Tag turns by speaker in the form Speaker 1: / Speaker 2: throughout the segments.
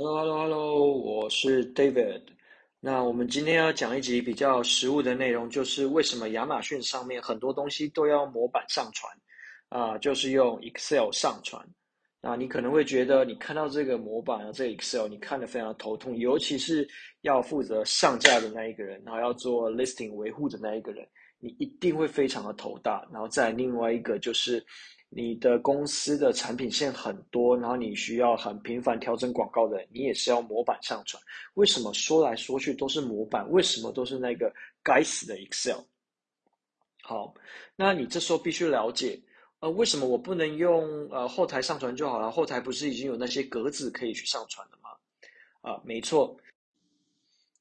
Speaker 1: Hello Hello Hello，我是 David。那我們今天要講一集比較實務的內容，就是為什麼亞馬遜上面很多東西都要模板上傳啊、呃，就是用 Excel 上傳。那、呃、你可能會覺得你看到這個模板啊，這個、Excel 你看得非常頭痛，尤其是要負責上架的那一個人，然後要做 Listing 維護的那一個人。你一定會非常的頭大，然後再來另外一個就是，你的公司的產品線很多，然後你需要很頻繁調整廣告的，你也是要模板上傳。為什麼說來說去都是模板？為什麼都是那個該死的 Excel？好，那你這時候必須了解，呃，為什麼我不能用呃後台上傳就好了？後台不是已經有那些格子可以去上傳的嗎？啊、呃，沒錯，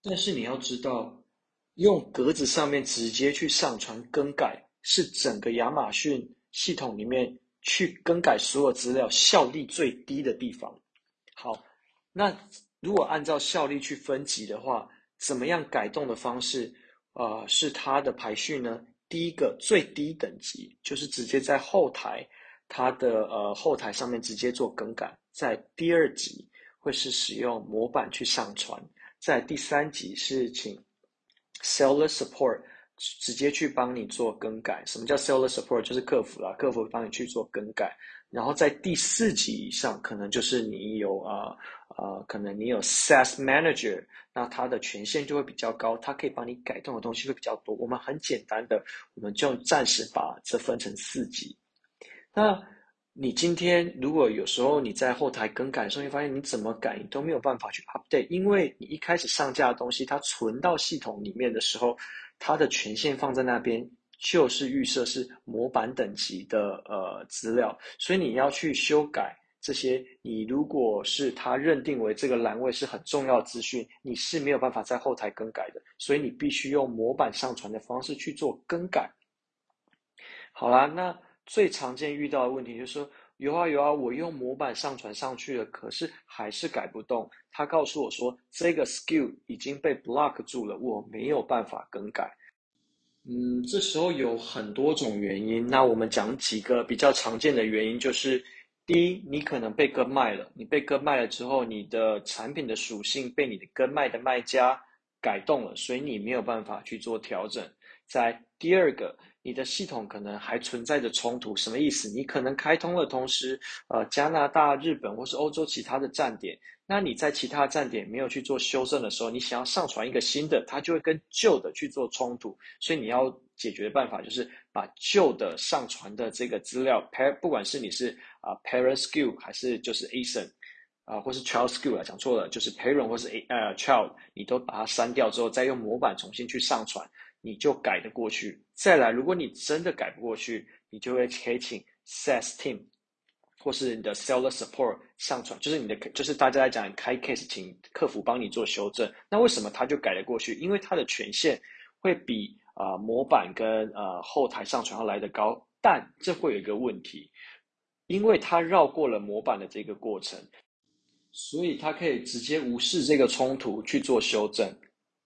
Speaker 1: 但是你要知道。用格子上面直接去上傳更改，是整個亞馬遜系統裡面去更改所有資料效率最低的地方。好，那如果按照效率去分級的話，怎麼樣改動的方式？呃，是它的排序呢？第一個最低等級就是直接在後台，它的呃後台上面直接做更改。在第二級會是使用模板去上傳，在第三級是請。Seller Support 直接去幫你做更改，什麼叫 Seller Support？就是客服啦，客服幫你去做更改。然後在第四級以上，可能就是你有啊啊、呃呃，可能你有 SAS Manager，那他的權限就會比較高，他可以幫你改動的東西會比較多。我們很簡單的，我們就暫時把這分成四級。那你今天如果有時候你在後台更改的時候，你會發現你怎麼改你都沒有辦法去 update，因為你一開始上架的東西，它存到系統裡面的時候，它的權限放在那邊就是預設是模板等級的呃資料，所以你要去修改這些，你如果是它認定為這個欄位是很重要資訊，你是沒有辦法在後台更改的，所以你必須用模板上傳的方式去做更改。好啦，那。最常見遇到的問題就是說，有啊有啊，我用模板上傳上去了，可是還是改不動。他告訴我說，這個 SKU 已經被 block 住了，我沒有辦法更改。嗯，這時候有很多種原因，那我們講幾個比較常見的原因，就是第一，你可能被跟賣了，你被跟賣了之後，你的產品的屬性被你的跟賣的賣家改動了，所以你沒有辦法去做調整。在第二個。你的系統可能還存在着衝突，什麼意思？你可能開通了同時，呃，加拿大、日本或是歐洲其他的站點，那你在其他站點沒有去做修正的時候，你想要上傳一個新的，它就會跟舊的去做衝突。所以你要解決的辦法就是把舊的上傳的這個資料 p r 不管是你是啊 parent SKU 還是就是 ASIN 啊、呃、或是 child SKU 啊，講錯了，就是 parent 或是 A，呃、uh, child，你都把它刪掉之後，再用模板重新去上傳。你就改得過去。再來，如果你真的改不過去，你就會可以請 Sales Team 或是你的 Seller Support 上傳，就是你的，就是大家在講開 case 請客服幫你做修正。那為什麼他就改得過去？因為他的權限會比啊、呃、模板跟呃後台上傳要來得高，但這會有一個問題，因為他繞過了模板的這個過程，所以他可以直接無視這個衝突去做修正。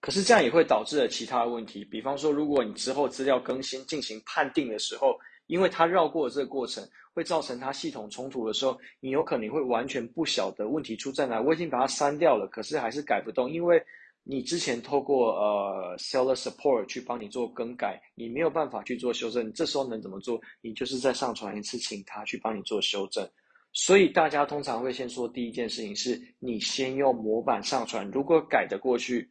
Speaker 1: 可是這樣也會導致了其他問題，比方說，如果你之後資料更新進行判定的時候，因為它繞過了這個過程，會造成它系統衝突的時候，你有可能會完全不曉得問題出在哪。我已經把它刪掉了，可是還是改不動，因為你之前透過呃 seller support 去幫你做更改，你沒有辦法去做修正。這時候能怎麼做？你就是再上傳一次，請他去幫你做修正。所以大家通常會先說第一件事情是，你先用模板上傳，如果改得過去。